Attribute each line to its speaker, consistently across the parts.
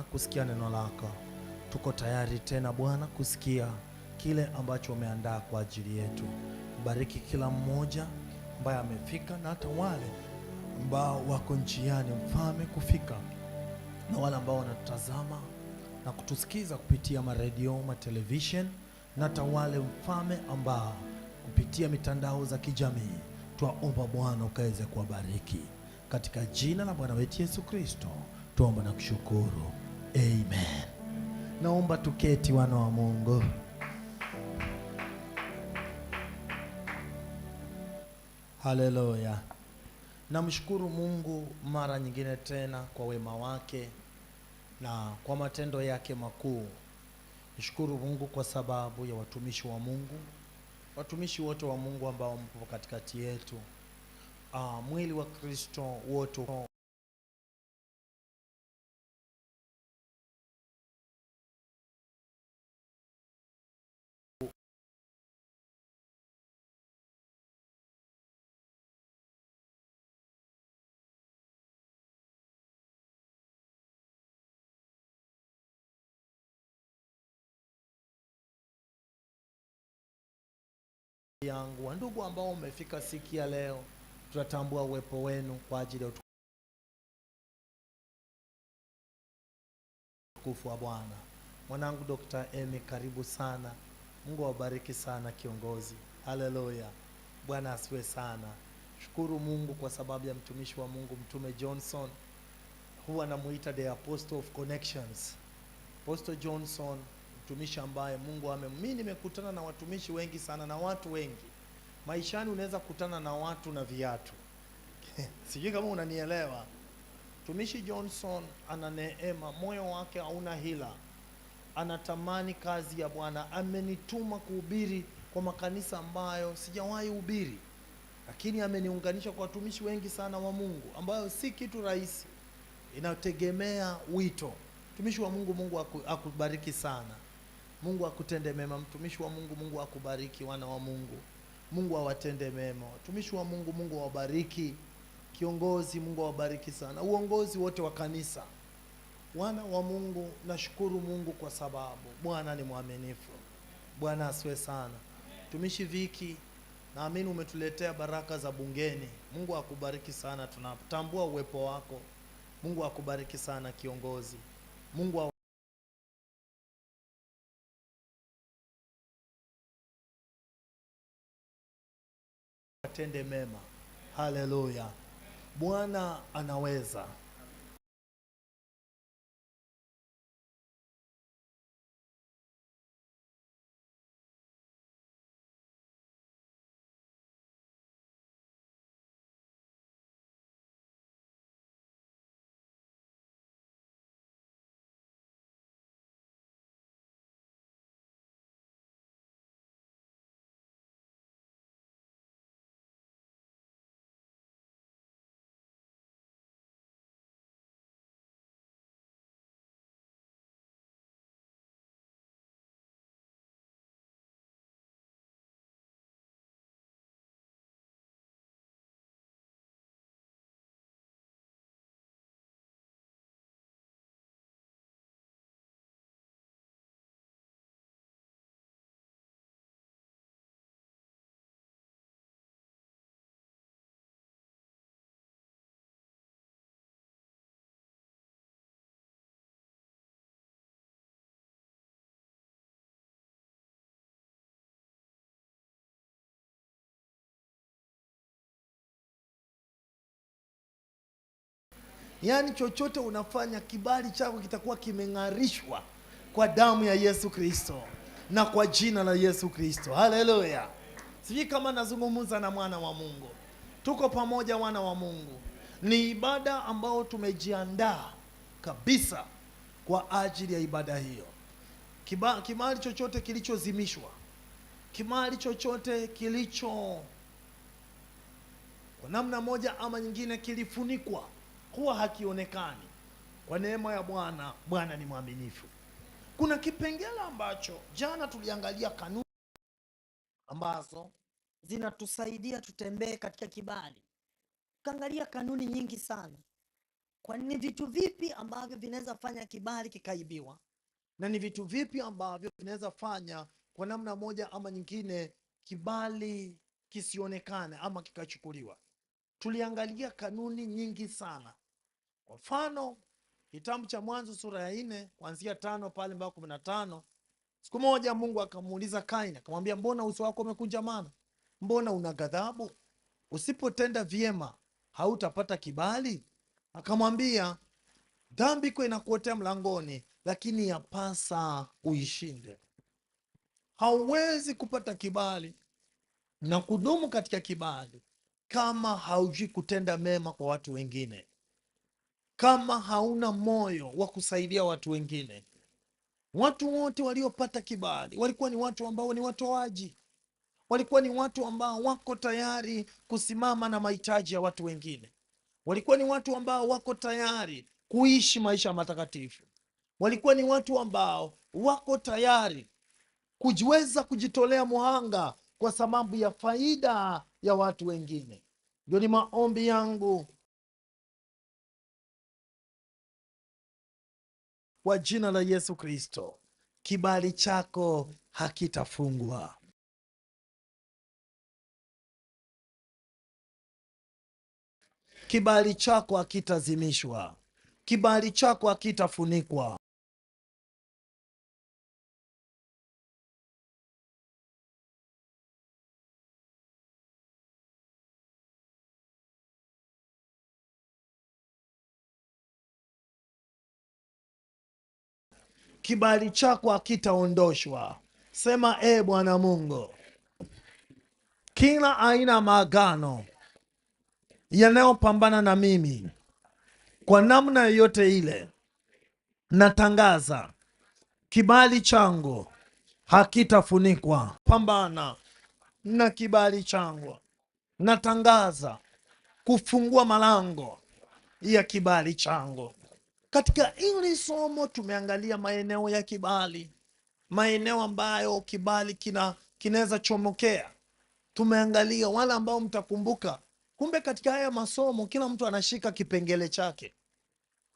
Speaker 1: Bwana kusikia neno lako. Tuko tayari tena Bwana kusikia kile ambacho umeandaa kwa ajili yetu. Bariki kila mmoja ambaye amefika na hata wale ambao wako njiani mfalme kufika na wale ambao wanatutazama na kutusikiza kupitia maredio, matelevishen na hata wale mfalme ambao kupitia mitandao za kijamii, twaomba Bwana ukaweze kuwabariki katika jina la Bwana wetu Yesu Kristo, tuomba na kushukuru. Amen. Naomba tuketi wana wa Mungu. Haleluya. Namshukuru Mungu mara nyingine tena kwa wema wake na kwa matendo yake makuu. Nishukuru Mungu kwa sababu ya watumishi wa Mungu, watumishi wote wa Mungu ambao mpo katikati yetu. Ah, mwili wa Kristo wote yangu wandugu ambao umefika siku ya leo, tunatambua uwepo wenu kwa ajili ya utukufu wa Bwana. Mwanangu Dr. Emi, karibu sana. Mungu awabariki sana kiongozi. Haleluya, Bwana asiwe sana. Shukuru Mungu kwa sababu ya mtumishi wa Mungu Mtume Johnson, huwa anamuita the apostle of connections. Apostle Johnson mtumishi ambaye Mungu ame. Mimi nimekutana na watumishi wengi sana na watu wengi maishani, unaweza kutana na watu na viatu sijui kama unanielewa. Mtumishi Johnson ana neema, moyo wake hauna hila, anatamani kazi ya Bwana. Amenituma kuhubiri kwa makanisa ambayo sijawahi hubiri, lakini ameniunganisha kwa watumishi wengi sana wa Mungu, ambayo si kitu rahisi, inategemea wito. Mtumishi wa Mungu, Mungu akubariki sana. Mungu akutende mema, mtumishi wa Mungu. Mungu akubariki, wana wa Mungu. Mungu awatende mema watumishi wa Mungu. Mungu awabariki, kiongozi. Mungu awabariki sana, uongozi wote wa kanisa, wana wa Mungu. Nashukuru Mungu kwa sababu Bwana ni mwaminifu. Bwana asiwe sana. Mtumishi Viki, naamini umetuletea baraka za bungeni. Mungu akubariki sana, tunatambua uwepo wako. Mungu akubariki sana kiongozi. Mungu tende mema. Haleluya, Bwana anaweza. Yaani chochote unafanya, kibali chako kitakuwa kimeng'arishwa kwa damu ya Yesu Kristo na kwa jina la Yesu Kristo. Haleluya! Sijui kama nazungumza na mwana wa Mungu. Tuko pamoja, wana wa Mungu. Ni ibada ambayo tumejiandaa kabisa kwa ajili ya ibada hiyo. Kiba, chochote kilichozimishwa, kibali chochote kilicho kwa namna moja ama nyingine kilifunikwa huwa hakionekani. Kwa neema ya Bwana, Bwana ni mwaminifu. Kuna kipengele ambacho jana tuliangalia, kanuni ambazo zinatusaidia tutembee katika kibali. Tukaangalia kanuni nyingi sana, kwa ni vitu vipi ambavyo vinaweza fanya kibali kikaibiwa na ni vitu vipi ambavyo vinaweza fanya kwa namna moja ama nyingine kibali kisionekane ama kikachukuliwa. Tuliangalia kanuni nyingi sana kwa mfano kitabu cha Mwanzo sura ya nne kuanzia tano pale mbao kumi na tano siku moja Mungu akamuuliza kain akamwambia, mbona uso wako umekunjamana? Mbona una ghadhabu? Usipotenda vyema hautapata kibali. Akamwambia, dhambi kwa inakuotea mlangoni, lakini yapasa uishinde. Hauwezi kupata kibali na kudumu katika kibali kama haujui kutenda mema kwa watu wengine kama hauna moyo wa kusaidia watu wengine. Watu wote waliopata kibali walikuwa ni watu ambao ni watoaji, walikuwa ni watu ambao wako tayari kusimama na mahitaji ya watu wengine, walikuwa ni watu ambao wako tayari kuishi maisha matakatifu, walikuwa ni watu ambao wako tayari kujiweza kujitolea muhanga kwa sababu ya faida ya watu wengine. Ndio ni maombi yangu kwa jina la Yesu Kristo, kibali chako hakitafungwa. Kibali chako hakitazimishwa. Kibali chako hakitafunikwa. kibali chako hakitaondoshwa. Sema e Bwana Mungu, kila aina ya maagano yanayopambana na mimi kwa namna yoyote ile, natangaza kibali changu hakitafunikwa. Pambana na kibali changu, natangaza kufungua malango ya kibali changu. Katika hili somo tumeangalia maeneo ya kibali, maeneo ambayo kibali kina kinaweza chomokea. Tumeangalia wale ambao mtakumbuka, kumbe katika haya masomo kila mtu anashika kipengele chake.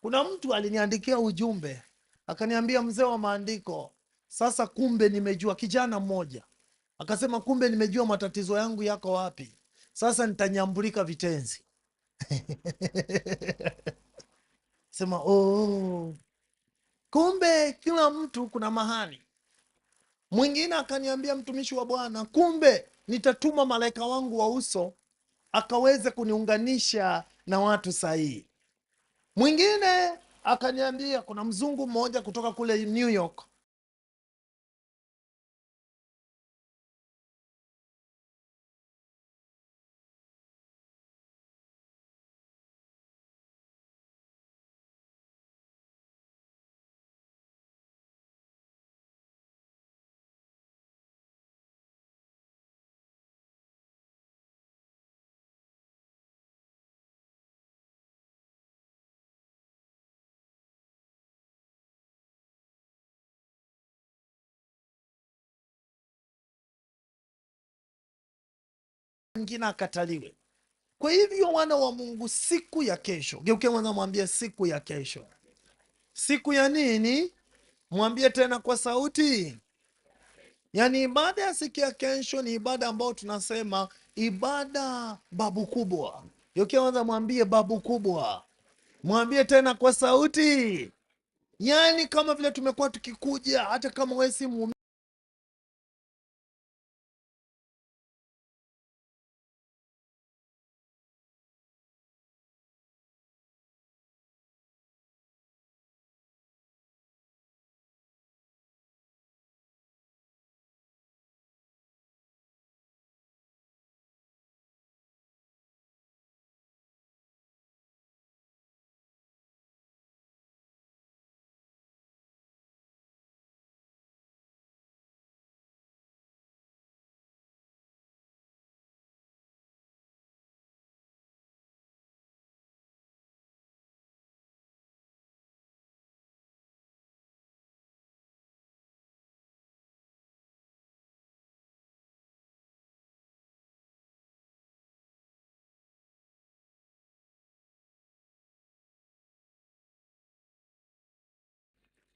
Speaker 1: Kuna mtu aliniandikia ujumbe akaniambia, mzee wa maandiko, sasa kumbe nimejua. Kijana mmoja akasema, kumbe nimejua matatizo yangu yako wapi, sasa nitanyambulika vitenzi sema oh, kumbe kila mtu kuna mahali. Mwingine akaniambia mtumishi wa Bwana, kumbe nitatuma malaika wangu wa uso akaweze kuniunganisha na watu sahihi. Mwingine akaniambia kuna mzungu mmoja kutoka kule New York mwingine akataliwe. Kwa hivyo wana wa Mungu, siku ya kesho, geuke mwanza, mwambie siku ya kesho. Siku ya nini? Mwambie tena kwa sauti. Yaani ibada ya siku ya kesho ni ibada ambayo tunasema ibada babu kubwa. Geuke mwanza, mwambie babu kubwa, mwambie tena kwa sauti. Yaani kama vile tumekuwa tukikuja, hata kama wewe si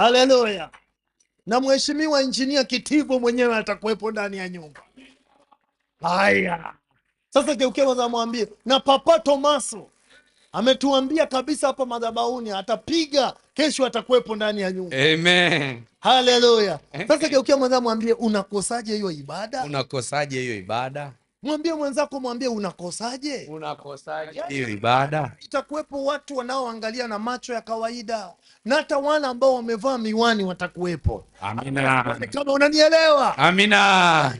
Speaker 1: Haleluya! Na mheshimiwa injinia Kitivo mwenyewe atakuwepo ndani ya nyumba. Haya, sasa geukia kwanza, mwambie na Papa Tomaso ametuambia kabisa hapa madhabahuni atapiga kesho, atakuwepo ndani ya nyumba.
Speaker 2: Amen.
Speaker 1: Haleluya! Eh. Sasa geukia kwanza, mwambie unakosaje hiyo ibada?
Speaker 2: Unakosaje hiyo ibada?
Speaker 1: mwambie mwenzako, mwambie unakosaje,
Speaker 2: unakosaje yaani hiyo ibada.
Speaker 1: Itakuwepo watu wanaoangalia na macho ya kawaida na hata wale ambao wamevaa miwani watakuwepo.
Speaker 2: Amina,
Speaker 1: kama unanielewa.
Speaker 2: Amina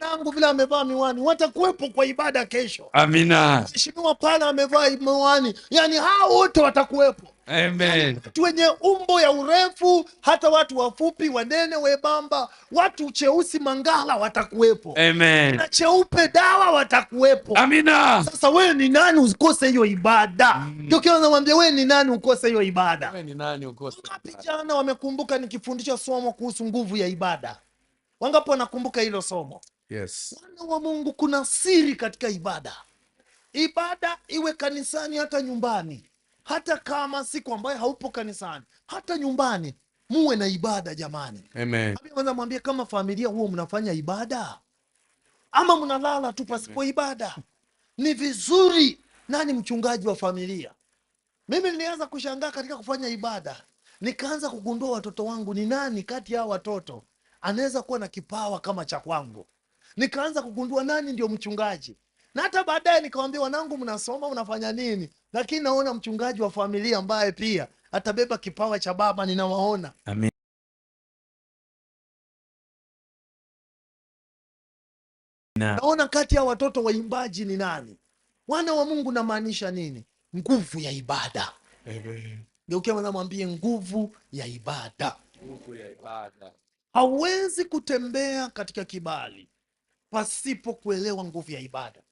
Speaker 1: mwanangu vile amevaa miwani, watakuwepo kwa ibada kesho.
Speaker 2: Amina,
Speaker 1: mheshimiwa pale amevaa miwani, yani hao wote watakuwepo.
Speaker 2: Amen. Yaani,
Speaker 1: Twenye umbo ya urefu, hata watu wafupi, wanene, webamba, watu cheusi mangala watakuwepo.
Speaker 2: Amen.
Speaker 1: Na cheupe dawa watakuwepo.
Speaker 2: Amina.
Speaker 1: Sasa wewe ni nani ukose hiyo ibada? Mm. Ndio mm. Kile namwambia wewe ni nani ukose hiyo ibada?
Speaker 2: Wewe ni nani ukose?
Speaker 1: wamekumbuka nikifundisha somo kuhusu nguvu ya ibada. Wangapo wanakumbuka hilo somo? Yes. Wana wa Mungu, kuna siri katika ibada. Ibada iwe kanisani, hata nyumbani hata kama siku ambayo haupo kanisani, hata nyumbani muwe na ibada jamani. Amen. Kwanza mwambie kama familia huo mnafanya ibada ama mnalala tu pasipo ibada. Ni vizuri. Nani mchungaji wa familia? Mimi nilianza kushangaa katika kufanya ibada, nikaanza kugundua watoto wangu, ni nani kati ya watoto anaweza kuwa na kipawa kama cha kwangu. Nikaanza kugundua nani ndio mchungaji, na hata baadaye nikawambia wanangu, mnasoma mnafanya nini? Lakini naona mchungaji wa familia ambaye pia atabeba kipawa cha baba, ninawaona. Amen. Naona kati ya watoto waimbaji ni nani? Wana wa Mungu, namaanisha nini? Nguvu ya ibada. Geukia wanamwambie nguvu ya ibada.
Speaker 2: Nguvu ya ibada.
Speaker 1: kutembea katika kibali pasipo kuelewa nguvu ya ibada.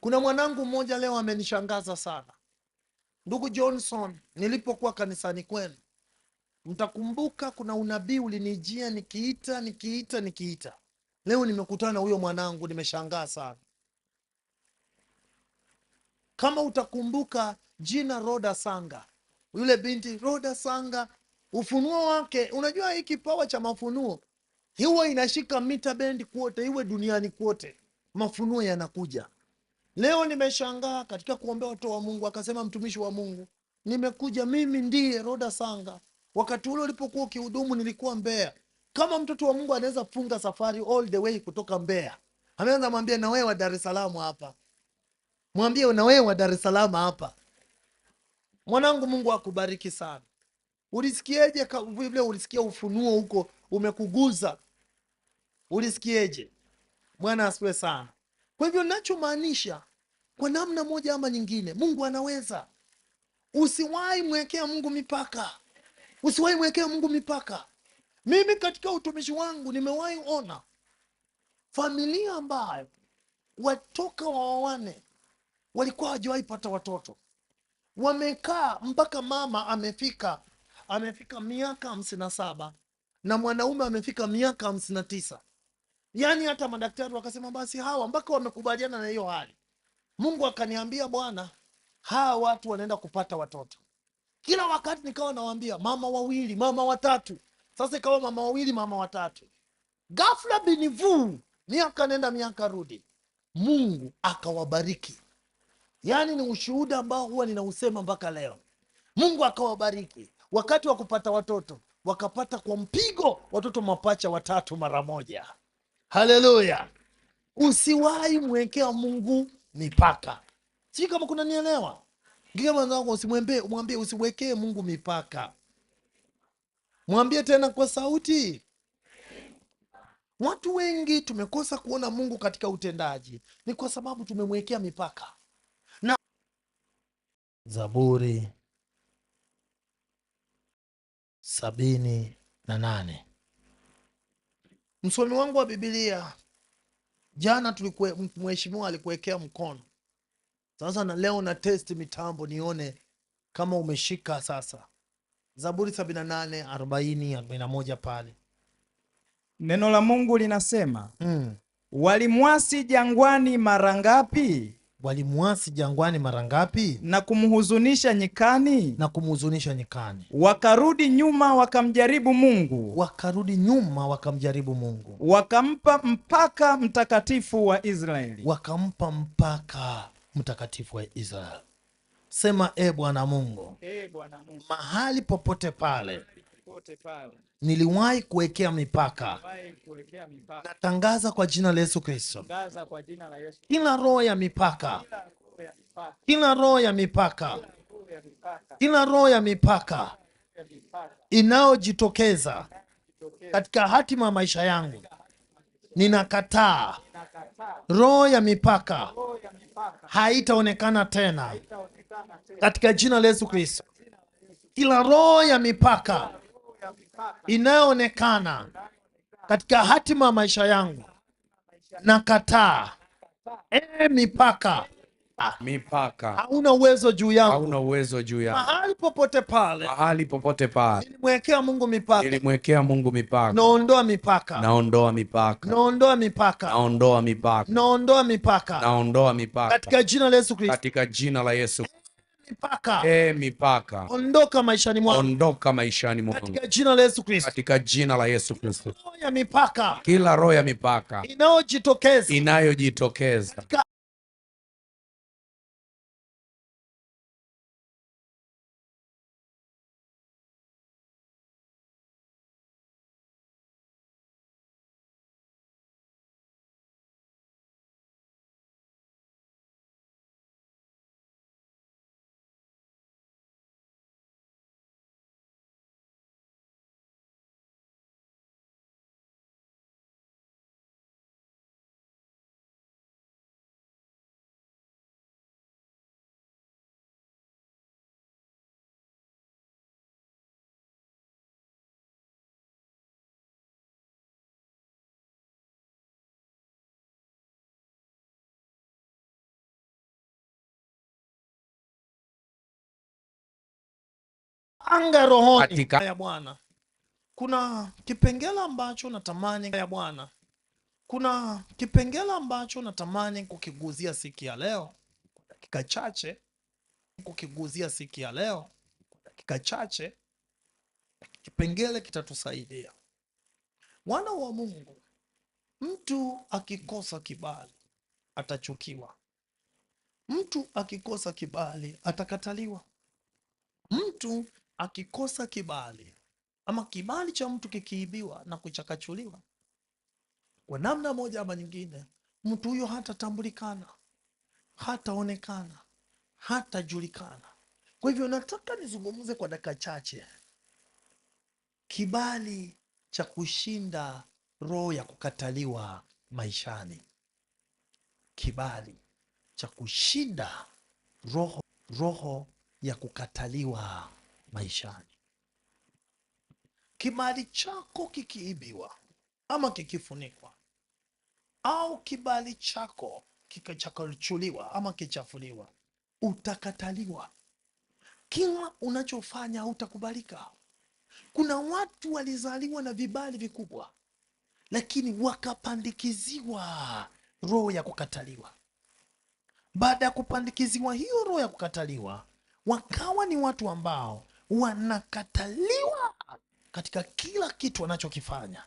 Speaker 1: Kuna mwanangu mmoja leo amenishangaza sana, ndugu Johnson. Nilipokuwa kanisani kwenu, mtakumbuka kuna unabii ulinijia nikiita nikiita nikiita. Leo nimekutana huyo mwanangu, nimeshangaa sana. Kama utakumbuka jina Roda Sanga, yule binti Roda Sanga, ufunuo wake. Unajua hii kipawa cha mafunuo huwa inashika mita bendi kwote, iwe duniani kwote, mafunuo yanakuja Leo nimeshangaa katika kuombea watoto wa Mungu, akasema mtumishi wa Mungu, nimekuja mimi ndiye Roda Sanga. Wakati ule ulipokuwa ukihudumu nilikuwa Mbeya. Kama mtoto wa Mungu anaweza funga safari all the way kutoka Mbeya, ameanza mwambie na wewe wa Dar es Salaam hapa, mwambie na wewe wa Dar es Salaam hapa, mwanangu, Mungu akubariki sana. Ulisikieje vile ulisikia ufunuo huko umekuguza? Ulisikieje? Bwana asiwe sana. Kwa hivyo nachomaanisha kwa namna moja ama nyingine, Mungu anaweza. Usiwahi mwekea Mungu mipaka, usiwahi mwekea Mungu mipaka. Mimi katika utumishi wangu nimewahi ona familia ambayo watoka wawawane walikuwa hawajawahi pata watoto, wamekaa mpaka mama amefika amefika miaka hamsini na saba na mwanaume amefika miaka hamsini na tisa yaani hata madaktari wakasema basi hawa mpaka wamekubaliana na hiyo hali Mungu akaniambia, bwana, hawa watu wanaenda kupata watoto. Kila wakati nikawa nawambia mama wawili, mama watatu. Sasa ikawa mama wawili, mama watatu. Ghafla binivuu, miaka nenda miaka rudi, Mungu akawabariki. Yaani ni ushuhuda ambao huwa ninausema mpaka leo. Mungu akawabariki wakati wa kupata watoto, wakapata kwa mpigo watoto mapacha watatu mara moja. Haleluya! Usiwahi mwekea Mungu mipaka. Si kama kuna nielewa. Ngiga mwenzangu, usimwambie umwambie, usiwekee Mungu mipaka. Mwambie tena kwa sauti. Watu wengi tumekosa kuona Mungu katika utendaji, ni kwa sababu tumemwekea mipaka na Zaburi sabini na nane msomi wangu wa Biblia Jana tulikuwa mheshimiwa alikuwekea mkono, sasa na leo na test mitambo nione kama umeshika. Sasa Zaburi 78 pale neno la Mungu linasema mm, walimwasi jangwani mara ngapi? Walimwasi jangwani mara ngapi? Na kumhuzunisha nyikani? Na kumhuzunisha nyikani. Wakarudi nyuma wakamjaribu Mungu. Wakarudi nyuma wakamjaribu Mungu. Wakampa mpaka mtakatifu wa Israeli. Wakampa mpaka mtakatifu wa Israeli. Sema e Bwana Mungu.
Speaker 2: E Bwana Mungu.
Speaker 1: Mahali popote pale Niliwahi kuwekea mipaka. mipaka. Natangaza kwa jina la Yesu Kristo, kila roho ya mipaka, kila roho ya mipaka, kila roho ya mipaka inayojitokeza katika hatima ya maisha yangu, ninakataa. Roho ya mipaka haitaonekana tena katika jina la Yesu Kristo. Kila roho ya mipaka inayoonekana katika hatima ya maisha yangu na kataa. E, mipaka
Speaker 2: mipaka
Speaker 1: hauna uwezo juu yangu,
Speaker 2: hauna uwezo juu yangu.
Speaker 1: Mahali popote pale,
Speaker 2: mahali popote pale
Speaker 1: nilimwekea Mungu mipaka,
Speaker 2: nilimwekea Mungu mipaka.
Speaker 1: Naondoa mipaka,
Speaker 2: naondoa mipaka,
Speaker 1: naondoa mipaka,
Speaker 2: naondoa mipaka,
Speaker 1: naondoa mipaka,
Speaker 2: naondoa mipaka
Speaker 1: katika jina la Yesu Kristo,
Speaker 2: katika jina la Yesu mipaka. E, mipaka.
Speaker 1: Ondoka maishani mwangu.
Speaker 2: Ondoka maishani mwangu.
Speaker 1: Katika jina la Yesu Kristo.
Speaker 2: Katika jina la Yesu Kristo. Kila roho ya mipaka
Speaker 1: inayojitokeza
Speaker 2: inayojitokeza
Speaker 1: anga rohoni ya Bwana. Kuna kipengele ambacho natamani ya Bwana, kuna kipengele ambacho natamani kukiguzia siku ya leo kwa dakika chache, kukiguzia siku ya leo kwa dakika chache. Kipengele kitatusaidia wana wa Mungu. Mtu akikosa kibali atachukiwa, mtu akikosa kibali atakataliwa, mtu akikosa kibali ama kibali cha mtu kikiibiwa na kuchakachuliwa kwa namna moja ama nyingine, mtu huyo hatatambulikana, hataonekana, hatajulikana. Kwa hivyo nataka nizungumze kwa dakika chache kibali cha kushinda roho ya kukataliwa maishani, kibali cha kushinda roho roho ya kukataliwa maishani. Kibali chako kikiibiwa ama kikifunikwa, au kibali chako kikachakachuliwa ama kichafuliwa, utakataliwa. Kila unachofanya hautakubalika. Kuna watu walizaliwa na vibali vikubwa, lakini wakapandikiziwa roho ya kukataliwa. Baada ya kupandikiziwa hiyo roho ya kukataliwa, wakawa ni watu ambao wanakataliwa katika kila kitu wanachokifanya.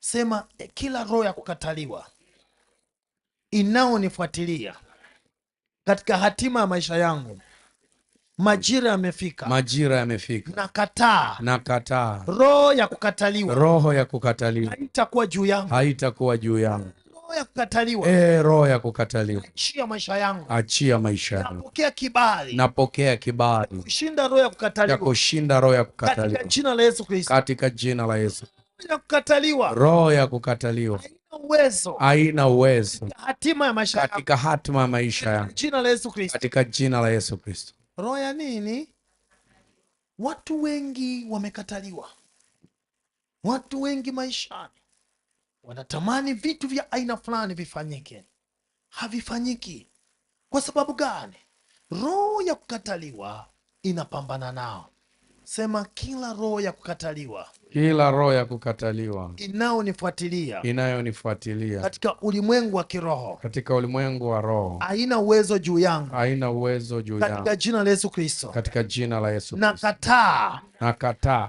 Speaker 1: Sema eh, kila roho ya kukataliwa inaonifuatilia katika hatima ya maisha yangu, majira yamefika,
Speaker 2: majira yamefika.
Speaker 1: Nakataa,
Speaker 2: nakataa
Speaker 1: roho ya kukataliwa,
Speaker 2: roho ya kukataliwa
Speaker 1: haitakuwa juu yangu,
Speaker 2: haitakuwa juu yangu
Speaker 1: ya kukataliwa.
Speaker 2: Eh, roho ya kukataliwa.
Speaker 1: Achia maisha yangu.
Speaker 2: Achia maisha yangu.
Speaker 1: Napokea kibali.
Speaker 2: Napokea kibali.
Speaker 1: Kushinda roho ya kukataliwa.
Speaker 2: kushinda roho ya
Speaker 1: kukataliwa. Katika jina la Yesu Kristo.
Speaker 2: Katika jina la Yesu.
Speaker 1: Ya kukataliwa.
Speaker 2: Roho ya kukataliwa. uwezo Haina uwezo
Speaker 1: hatima ya maisha
Speaker 2: Katika hatima ya maisha yangu. Katika jina la Yesu Kristo.
Speaker 1: Roho ya nini? Watu wengi wamekataliwa, watu wengi maishani wanatamani vitu vya aina fulani vifanyike, havifanyiki. Kwa sababu gani? Roho ya kukataliwa inapambana nao. Sema, kila roho ya kukataliwa,
Speaker 2: kila roho ya kukataliwa
Speaker 1: inayonifuatilia,
Speaker 2: inayonifuatilia
Speaker 1: katika ulimwengu wa kiroho,
Speaker 2: katika ulimwengu wa roho,
Speaker 1: haina uwezo juu yangu,
Speaker 2: haina uwezo juu
Speaker 1: yangu, katika jina la Yesu Kristo,
Speaker 2: katika jina la Yesu
Speaker 1: Kristo nakataa,
Speaker 2: nakataa.